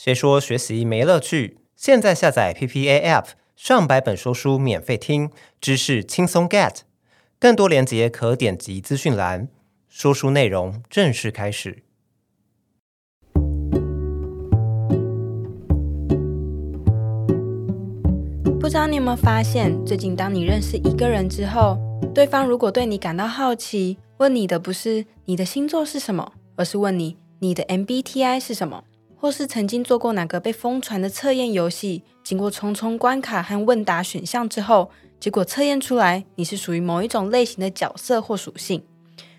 誰說學習沒樂趣？現在下載 PPA App，上百本說書免費聽，知識輕鬆 get。更多連接可點擊資訊欄。說書內容正式開始。不知道你有沒有發現，最近當你認識一個人之後，對方如果對你感到好奇，問你的不是你的星座是什麼，而是問你你的 MBTI 是什麼。或是曾經做過哪個被瘋傳的測驗遊戲，經過重重關卡和問答選項之後，結果測驗出來，你是屬於某一種類型的角色或屬性，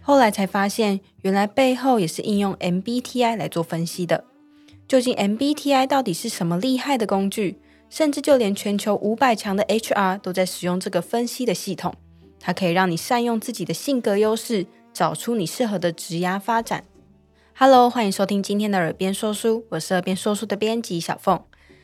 後來才發現原來背後也是應用 MBTI 來做分析的。究竟 MBTI 到底是什麼厲害的工具？甚至就連全球五百強的 HR 都在使用這個分析的系統，它可以讓你善用自己的性格優勢，找出你適合的職涯發展。Hello，歡迎收聽今天的《耳邊說書》，我是《耳邊說書》的編輯小鳳。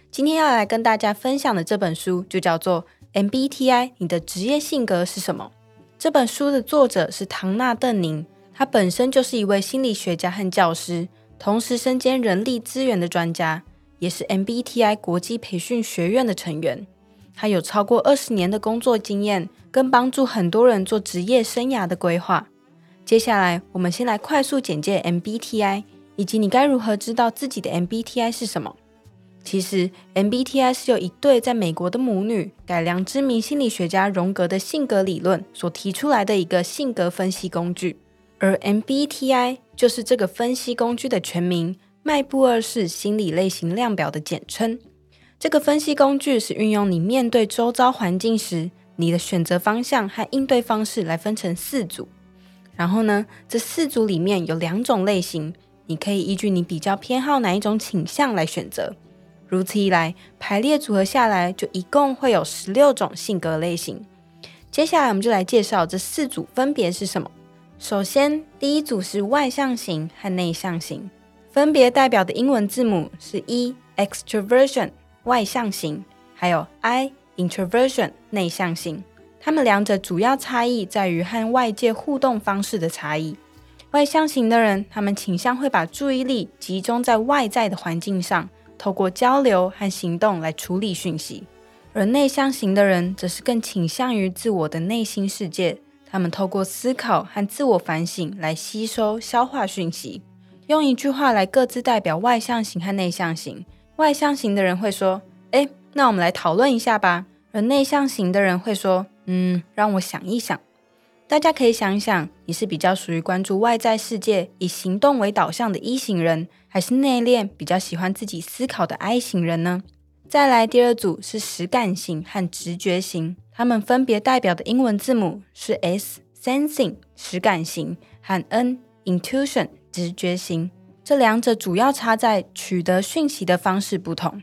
今天要來跟大家分享的這本書就叫做《MBTI 你的職業性格是什麼》。這本書的作者是唐娜·鄧寧，他本身就是一位心理學家和教師，同時身兼人力資源的專家，也是 MBTI 國際培訓學院的成員。他有超過二十年的工作經驗，跟幫助很多人做職業生涯的規劃。接下來，我們先來快速簡介 MBTI，以及你該如何知道自己的 MBTI 是什麼。其實，MBTI 是由一對在美國的母女改良知名心理學家榮格的性格理論所提出來的一個性格分析工具，而 MBTI 就是這個分析工具的全名，邁布二氏心理類型量表的簡稱。這個分析工具是運用你面對周遭環境時，你的選擇方向和應對方式來分成四組。然後呢，這四組裡面有兩種類型，你可以依據你比較偏好哪一種傾向來選擇。如此一來，排列組合下來就一共會有十六種性格類型。接下來我們就來介紹這四組分別是什麼。首先，第一組是外向型和內向型，分別代表的英文字母是 E（extroversion，外向型）還有 I（introversion，內向型）。他們兩者主要差異在於和外界互動方式的差異。外向型的人，他們傾向會把注意力集中在外在的環境上，透過交流和行動來處理訊息；而內向型的人則是更傾向於自我的內心世界，他們透過思考和自我反省來吸收消化訊息。用一句話來各自代表外向型和內向型：外向型的人會說：“哎，那我們來討論一下吧。”而內向型的人會說，嗯，讓我想一想。大家可以想一想，你是比較屬於關注外在世界、以行動為導向的 E 型人，還是內斂、比較喜歡自己思考的 I 型人呢？再來，第二組是實感型和直覺型，他們分別代表的英文字母是 S（Sensing，實感型）和 N（Intuition，直覺型）。這兩者主要差在取得訊息的方式不同。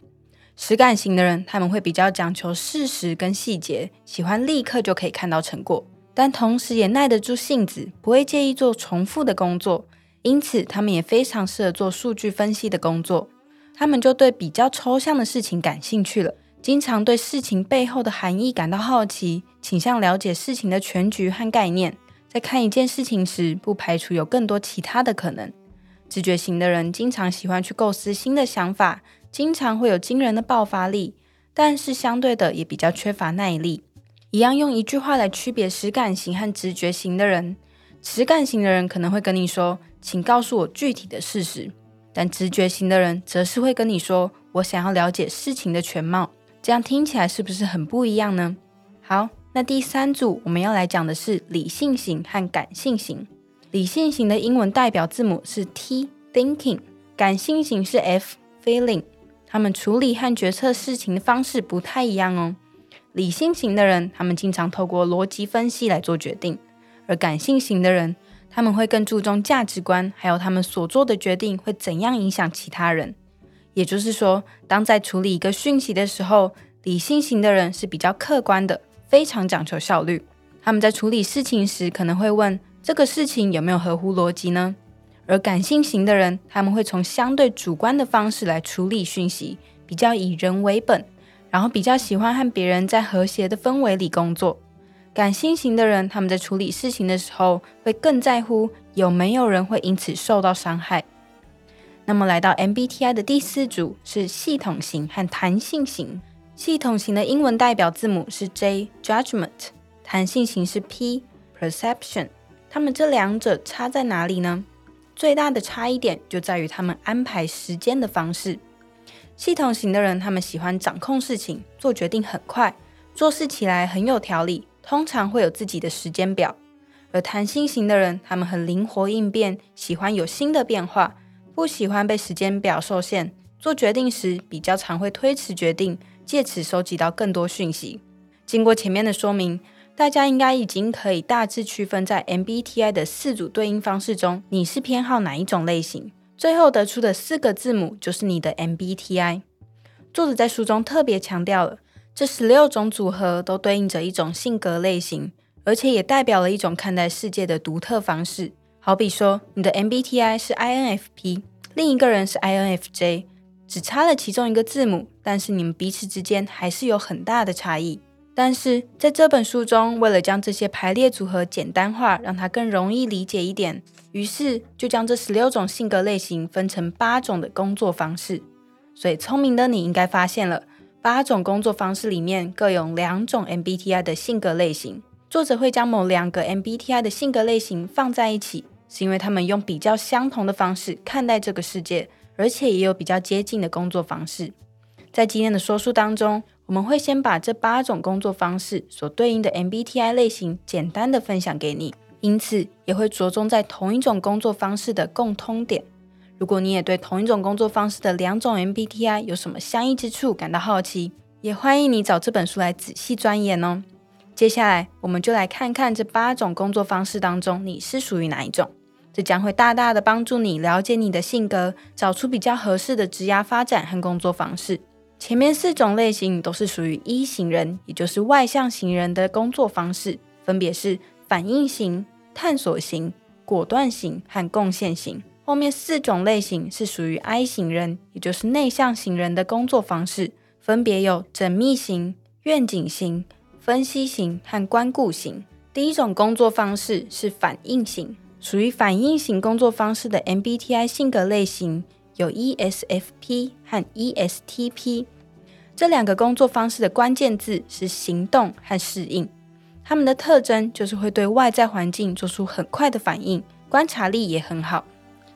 實感型的人，他們會比較講求事實跟細節，喜歡立刻就可以看到成果，但同時也耐得住性子，不會介意做重複的工作，因此他們也非常適合做數據分析的工作。他們就對比較抽象的事情感興趣了，經常對事情背後的含義感到好奇，傾向了解事情的全局和概念。在看一件事情時，不排除有更多其他的可能。直覺型的人經常喜歡去構思新的想法。經常會有驚人的爆發力，但是相對的也比較缺乏耐力。一樣用一句話來區別實感型和直覺型的人，實感型的人可能會跟你說：“請告訴我具體的事實。”但直覺型的人則是會跟你說：“我想要了解事情的全貌。”這樣聽起來是不是很不一樣呢？好，那第三組我們要來講的是理性型和感性型。理性型的英文代表字母是 T（Thinking），感性型是 F（Feeling）。F 他們處理和決策事情的方式不太一樣哦。理性型的人，他們經常透過邏輯分析來做決定；而感性型的人，他們會更注重價值觀，還有他們所做的決定會怎樣影響其他人。也就是說，當在處理一個訊息的時候，理性型的人是比較客觀的，非常講求效率。他們在處理事情時可能會問，這個事情有沒有合乎邏輯呢？而感性型的人，他們會從相對主觀的方式來處理訊息，比較以人為本，然後比較喜歡和別人在和諧的氛圍裡工作。感性型的人，他們在處理事情的時候，會更在乎有沒有人會因此受到傷害。那麼，來到 MBTI 的第四組是系統型和彈性型。系統型的英文代表字母是 J（Judgment），彈性型是 P（Perception）。他們這兩者差在哪裡呢？最大的差異點就在於他們安排時間的方式。系統型的人，他們喜歡掌控事情，做決定很快，做事起來很有條理，通常會有自己的時間表。而彈性型的人，他們很靈活應變，喜歡有新的變化，不喜歡被時間表受限。做決定時，比較常會推遲決定，借此收集到更多訊息。經過前面的說明，大家應該已經可以大致區分，在 MBTI 的四組對應方式中，你是偏好哪一種類型？最後得出的四個字母就是你的 MBTI。作者在書中特別強調了，這十六種組合都對應着一種性格類型，而且也代表了一種看待世界的獨特方式。好比說，你的 MBTI 是 INFP，另一個人是 INFJ，只差了其中一個字母，但是你們彼此之間還是有很大的差異。但是在這本書中，為了將這些排列組合簡單化，讓它更容易理解一點，於是就將這十六種性格類型分成八種的工作方式。所以，聰明的你應該發現了，八種工作方式裡面各有兩種 MBTI 的性格類型。作者會將某兩個 MBTI 的性格類型放在一起，是因為他們用比較相同的方式看待這個世界，而且也有比較接近的工作方式。在今天的說書當中，我們會先把這八種工作方式所對應的 MBTI 類型簡單的分享給你，因此也會着重在同一種工作方式的共通點。如果你也對同一種工作方式的兩種 MBTI 有什麼相異之處感到好奇，也歡迎你找這本書來仔細鑽研哦。接下來我們就來看看這八種工作方式當中，你是屬於哪一種，這將會大大的幫助你了解你的性格，找出比較合適的職業發展和工作方式。前面四種類型都是屬於 E 型人，也就是外向型人的工作方式，分別是反應型、探索型、果斷型和貢獻型。後面四種類型是屬於 I 型人，也就是內向型人的工作方式，分別有縝密型、願景型、分析型和關顧型。第一種工作方式是反應型，屬於反應型工作方式的 MBTI 性格類型有 ESFP 和 ESTP。這兩個工作方式的關鍵字是行動和適應，他們的特徵就是會對外在環境做出很快的反應，觀察力也很好，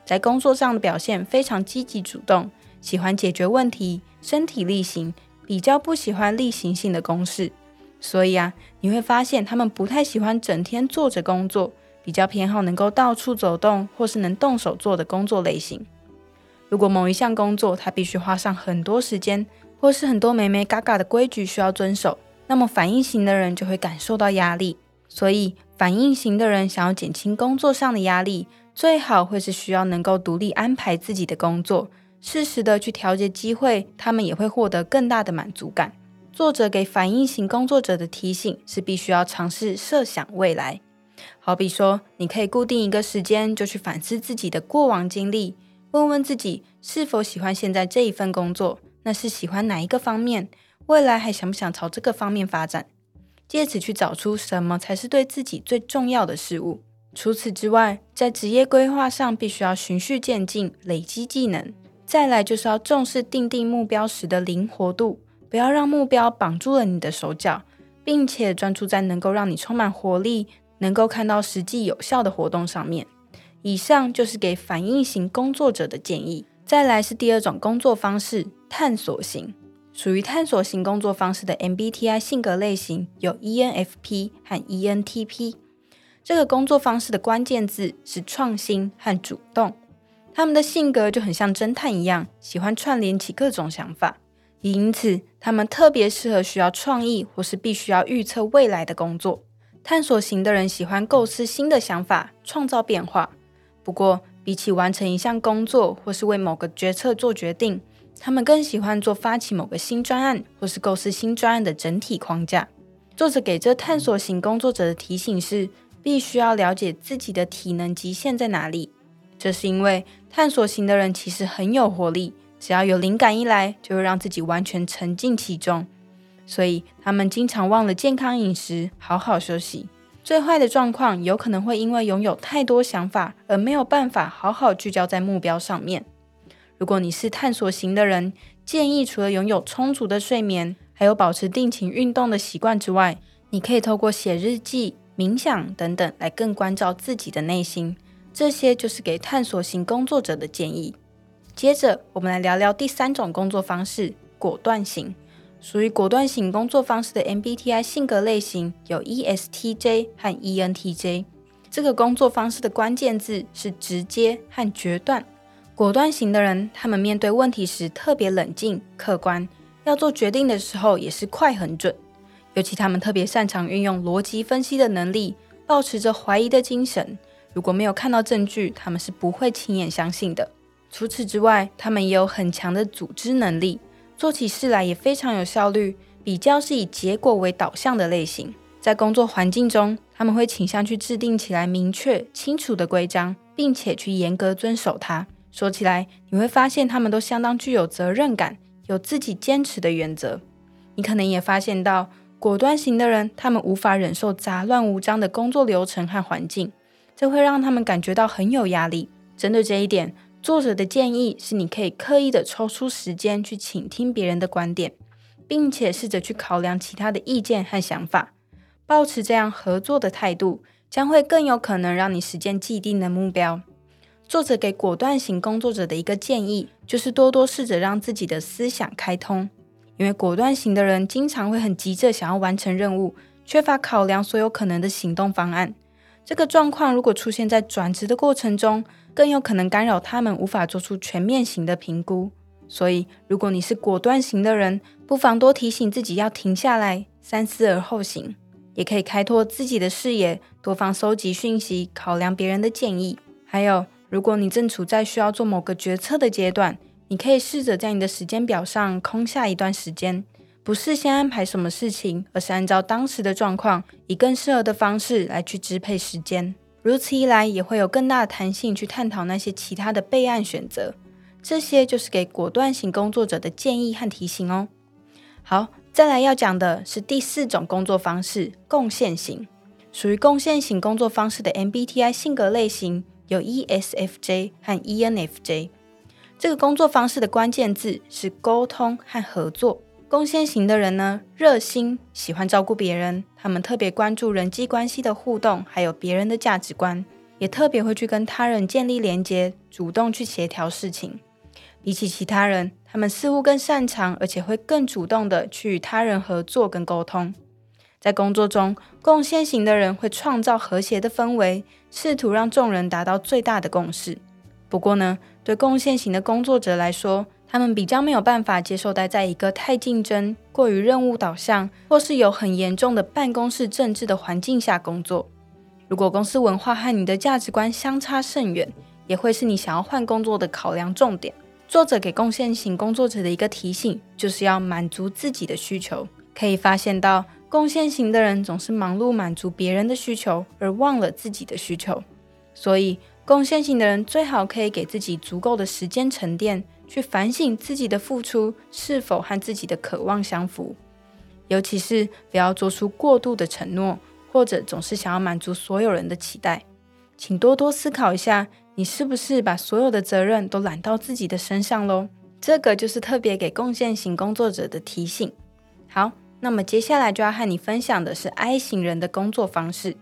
在工作上的表現非常積極主動，喜歡解決問題，身體力行，比較不喜歡例行性的公事。所以啊，你會發現他們不太喜歡整天坐着工作，比較偏好能夠到處走動或是能動手做的工作類型。如果某一項工作他必須花上很多時間，或是很多眉眉角角的規矩需要遵守，那麼反應型的人就會感受到壓力。所以，反應型的人想要減輕工作上的壓力，最好會是需要能夠獨立安排自己的工作，適時的去調節機會，他們也會獲得更大的滿足感。作者給反應型工作者的提醒是：必須要嘗試設想未來，好比說，你可以固定一個時間就去反思自己的過往經歷，問問自己是否喜歡現在這一份工作。那是喜歡哪一個方面？未來還想不想朝這個方面發展？借此去找出什麼才是對自己最重要的事物。除此之外，在職業規劃上必須要循序漸進，累積技能。再來就是要重視定定目標時的靈活度，不要讓目標綁住了你的手腳，並且專注在能夠讓你充滿活力、能夠看到實際有效的活動上面。以上就是給反應型工作者的建議。再來是第二種工作方式。探索型。屬於探索型工作方式的 MBTI 性格類型有 ENFP 和 ENTP。這個工作方式的關鍵字是創新和主動。他們的性格就很像偵探一樣，喜歡串聯起各種想法，也因此他們特別適合需要創意或是必須要預測未來的工作。探索型的人喜歡構思新的想法，創造變化。不過，比起完成一項工作或是為某個決策做決定，他們更喜歡做發起某個新專案，或是構思新專案的整體框架。作者給這探索型工作者的提醒是：必須要了解自己的體能極限在哪裡。這是因為探索型的人其實很有活力，只要有靈感一來，就會讓自己完全沉浸其中。所以他們經常忘了健康飲食，好好休息。最壞的狀況有可能會因為擁有太多想法而沒有辦法好好聚焦在目標上面。如果你是探索型的人，建議除了擁有充足的睡眠，還有保持定期運動的習慣之外，你可以透過寫日記、冥想等等來更關照自己的內心。這些就是給探索型工作者的建議。接着，我們來聊聊第三種工作方式——果斷型。屬於果斷型工作方式的 MBTI 性格類型有 ESTJ 和 ENTJ。這個工作方式的關鍵字是直接和決斷。果斷型的人，他們面對問題時特別冷靜、客觀，要做決定的時候也是快很準。尤其他們特別擅長運用邏輯分析的能力，保持着懷疑的精神。如果沒有看到證據，他們是不會輕言相信的。除此之外，他們也有很強的組織能力，做起事來也非常有效率，比較是以結果為導向的類型。在工作環境中，他們會傾向去制定起來明確、清楚的規章，並且去嚴格遵守它。說起來，你會發現他們都相當具有責任感，有自己堅持的原則。你可能也發現到，果斷型的人他們無法忍受雜亂無章的工作流程和環境，這會讓他們感覺到很有壓力。針對這一點，作者的建議是，你可以刻意的抽出時間去傾聽別人的觀點，並且試着去考量其他的意見和想法。保持這樣合作的態度，將會更有可能讓你實現既定的目標。作者給果斷型工作者的一個建議，就是多多試着讓自己的思想開通，因為果斷型的人經常會很急着想要完成任務，缺乏考量所有可能的行動方案。這個狀況如果出現在轉職的過程中，更有可能干擾他們無法做出全面性的評估。所以，如果你是果斷型的人，不妨多提醒自己要停下來，三思而後行，也可以開拓自己的視野，多方收集訊息，考量別人的建議，還有。如果你正處在需要做某個決策的階段，你可以試着在你的時間表上空下一段時間，不事先安排什麼事情，而是按照當時的狀況，以更適合的方式來去支配時間。如此一來，也會有更大的彈性去探討那些其他的備案選擇。這些就是給果斷型工作者的建議和提醒哦。好，再來要講的是第四種工作方式——貢獻型。屬於貢獻型工作方式的 MBTI 性格類型。有 ESFJ 和 ENFJ，這個工作方式的關鍵字是溝通和合作。貢獻型的人呢，熱心，喜歡照顧別人，他們特別關注人際關係的互動，還有別人的價值觀，也特別會去跟他人建立連接，主動去協調事情。比起其他人，他們似乎更擅長，而且會更主動的去與他人合作跟溝通。在工作中，貢獻型的人會創造和諧的氛圍，試圖讓眾人達到最大的共識。不過呢，對貢獻型的工作者來說，他們比較沒有辦法接受待在一個太競爭、過於任務導向，或是有很嚴重的辦公室政治的環境下工作。如果公司文化和你的價值觀相差甚遠，也會是你想要換工作的考量重點。作者給貢獻型工作者的一個提醒，就是要滿足自己的需求，可以發現到。貢獻型的人總是忙碌滿足別人的需求，而忘了自己的需求。所以，貢獻型的人最好可以給自己足夠的時間沉澱，去反省自己的付出是否和自己的渴望相符。尤其是不要做出過度的承諾，或者總是想要滿足所有人的期待。請多多思考一下，你是不是把所有的責任都攬到自己的身上嘍？這個就是特別給貢獻型工作者的提醒。好。那麼接下來就要和你分享的是 I 型人的工作方式。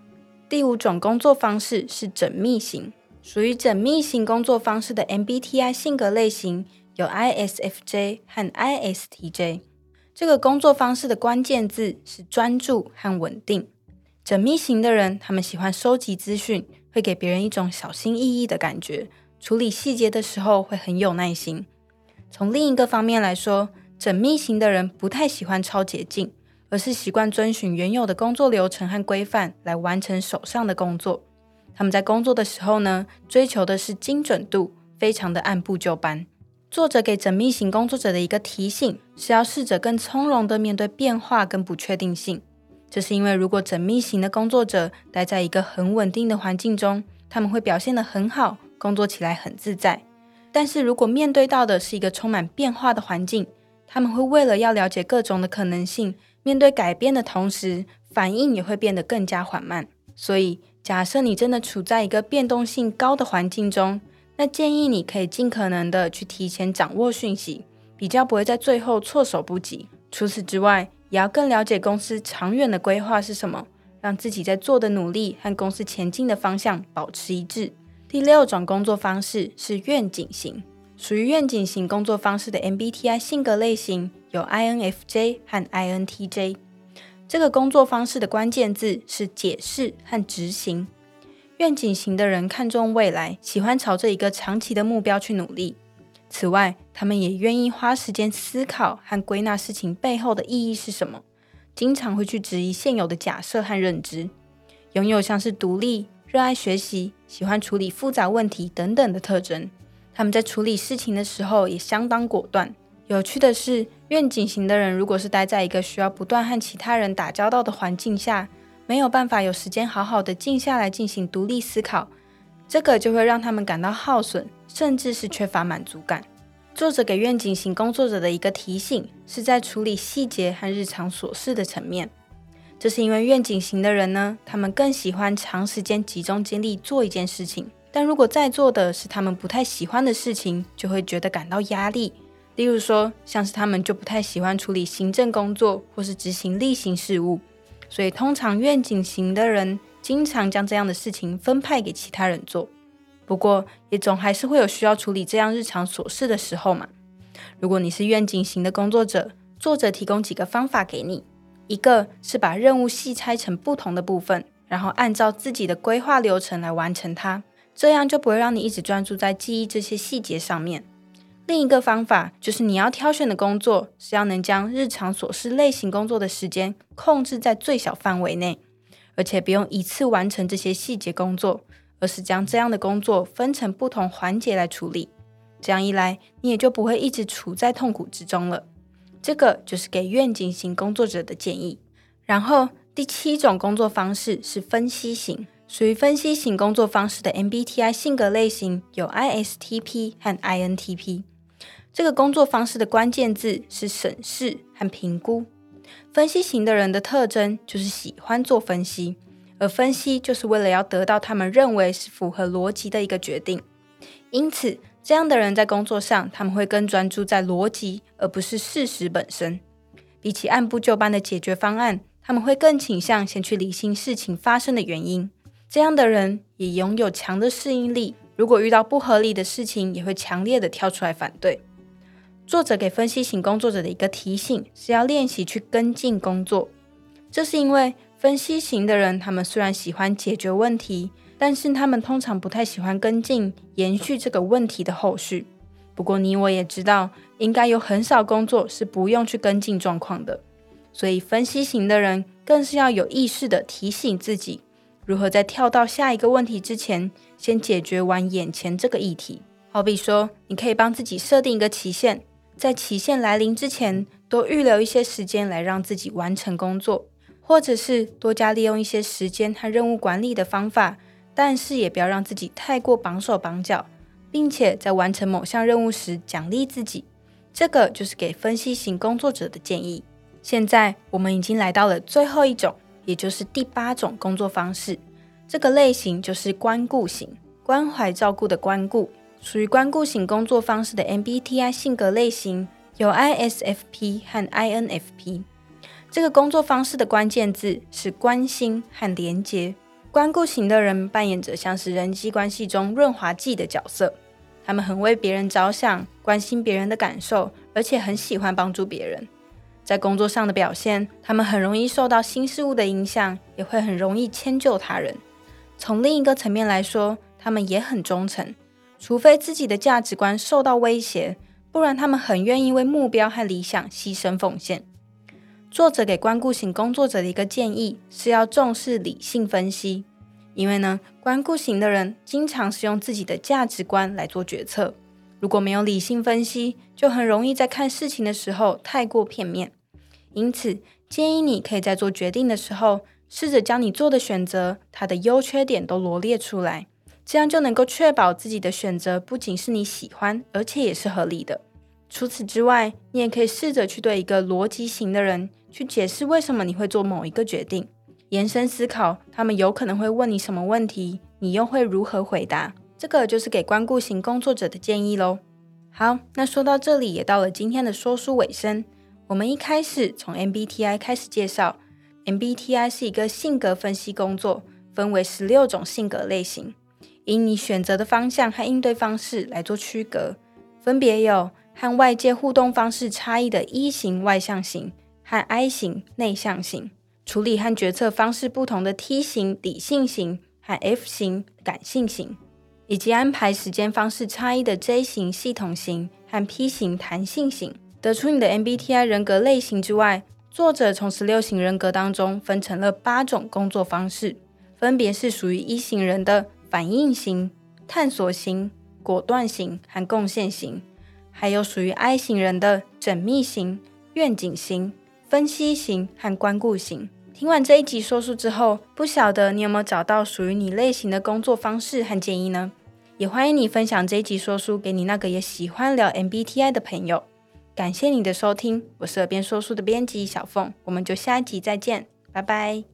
第五種工作方式是縝密型，屬於縝密型工作方式的 MBTI 性格類型有 ISFJ 和 ISTJ。這個工作方式的關鍵字是專注和穩定。縝密型的人，他們喜歡收集資訊，會給別人一種小心翼翼的感覺，處理細節的時候會很有耐心。從另一個方面來說，縝密型的人不太喜歡抄捷徑，而是習慣遵循原有的工作流程和規範來完成手上的工作。他們在工作的時候呢，追求的是精準度，非常的按部就班。作者給縝密型工作者的一個提醒是要試着更從容地面對變化跟不確定性。這是因為如果縝密型的工作者待在一個很穩定的環境中，他們會表現得很好，工作起來很自在。但是如果面對到的是一個充滿變化的環境，他們會為了要了解各種的可能性，面對改變的同時，反應也會變得更加緩慢。所以，假設你真的處在一個變動性高的環境中，那建議你可以盡可能的去提前掌握訊息，比較不會在最後措手不及。除此之外，也要更了解公司長遠的規劃是什麼，讓自己在做的努力和公司前進的方向保持一致。第六種工作方式是願景型。屬於願景型工作方式的 MBTI 性格類型有 INFJ 和 INTJ。這個工作方式的關鍵字是解釋和執行。願景型的人看重未來，喜歡朝着一個長期的目標去努力。此外，他們也願意花時間思考和歸納事情背後的意義是什麼，經常會去質疑現有的假設和認知，擁有像是獨立、熱愛學習、喜歡處理複雜問題等等的特徵。他們在處理事情的時候也相當果斷。有趣的是，願景型的人如果是待在一個需要不斷和其他人打交道的環境下，沒有辦法有時間好好的靜下來進行獨立思考，這個就會讓他們感到耗損，甚至是缺乏滿足感。作者給願景型工作者的一個提醒是在處理細節和日常瑣事的層面。這是因為願景型的人呢，他們更喜歡長時間集中精力做一件事情。但如果在做的是他們不太喜歡的事情，就會覺得感到壓力。例如說，像是他們就不太喜歡處理行政工作或是執行例行事務，所以通常願景型的人經常將這樣的事情分派給其他人做。不過，也總還是會有需要處理這樣日常瑣事的時候嘛。如果你是願景型的工作者，作者提供幾個方法給你：一個是把任務細拆成不同的部分，然後按照自己的規劃流程來完成它。這樣就不會讓你一直專注在記憶這些細節上面。另一個方法就是，你要挑選的工作是要能將日常瑣事類型工作的時間控制在最小範圍內，而且不用一次完成這些細節工作，而是將這樣的工作分成不同環節來處理。這樣一來，你也就不會一直處在痛苦之中了。這個就是給願景型工作者的建議。然後，第七種工作方式是分析型。屬於分析型工作方式的 MBTI 性格類型有 ISTP 和 INTP。這個工作方式的關鍵字是審視和評估。分析型的人的特徵就是喜歡做分析，而分析就是為了要得到他們認為是符合邏輯的一個決定。因此，這樣的人在工作上他們會更專注在邏輯，而不是事實本身。比起按部就班的解決方案，他們會更傾向先去理性事情發生的原因。這樣的人也擁有強的適應力，如果遇到不合理的事情，也會強烈的跳出來反對。作者給分析型工作者的一個提醒是要練習去跟進工作，這是因為分析型的人他們雖然喜歡解決問題，但是他們通常不太喜歡跟進延續這個問題的後續。不過你我也知道，應該有很少工作是不用去跟進狀況的，所以分析型的人更是要有意識的提醒自己。如何在跳到下一個問題之前，先解決完眼前這個議題？好比說，你可以幫自己設定一個期限，在期限來臨之前，多預留一些時間來讓自己完成工作，或者是多加利用一些時間和任務管理的方法。但是也不要讓自己太過綁手綁腳，並且在完成某項任務時獎勵自己。這個就是給分析型工作者的建議。現在我們已經來到了最後一種。也就是第八種工作方式，這個類型就是關顧型，關懷照顧的關顧，屬於關顧型工作方式的 MBTI 性格類型有 ISFP 和 INFP。這個工作方式的關鍵字是關心和連接。關顧型的人扮演着像是人際關係中潤滑劑的角色，他們很為別人着想，關心別人的感受，而且很喜歡幫助別人。在工作上的表現，他們很容易受到新事物的影響，也會很容易遷就他人。從另一個層面來說，他們也很忠誠，除非自己的價值觀受到威脅，不然他們很願意為目標和理想犧牲奉獻。作者給關顧型工作者的一個建議是要重視理性分析，因為呢，關顧型的人經常是用自己的價值觀來做決策。如果沒有理性分析，就很容易在看事情的時候太過片面。因此，建議你可以在做決定的時候，試着將你做的選擇，它的優缺點都羅列出來，這樣就能夠確保自己的選擇不僅是你喜歡，而且也是合理的。除此之外，你也可以試着去對一個邏輯型的人去解釋為什麼你會做某一個決定。延伸思考，他們有可能會問你什麼問題，你又會如何回答。這個就是給關顧型工作者的建議嘍。好，那說到這裡也到了今天的說書尾聲。我們一開始從 MBTI 開始介紹，MBTI 是一個性格分析工作，分為十六種性格類型，以你選擇的方向和應對方式來做區隔。分別有和外界互動方式差異的 E 型外向型和 I 型內向型，處理和決策方式不同的 T 型理性型和 F 型感性型。以及安排時間方式差異的 J 型系統型和 P 型彈性型，得出你的 MBTI 人格類型之外，作者從十六型人格當中分成了八種工作方式，分別是屬於 E 型人的反應型、探索型、果斷型和貢獻型，還有屬於 I 型人的縝密型、願景型、分析型和關顧型。聽完這一集說書之後，不曉得你有沒有找到屬於你類型的工作方式和建議呢？也歡迎你分享這一集說書給你那個也喜歡聊 MBTI 的朋友。感謝你的收聽，我是耳邊說書的編輯小鳳，我們就下一集再見，拜拜。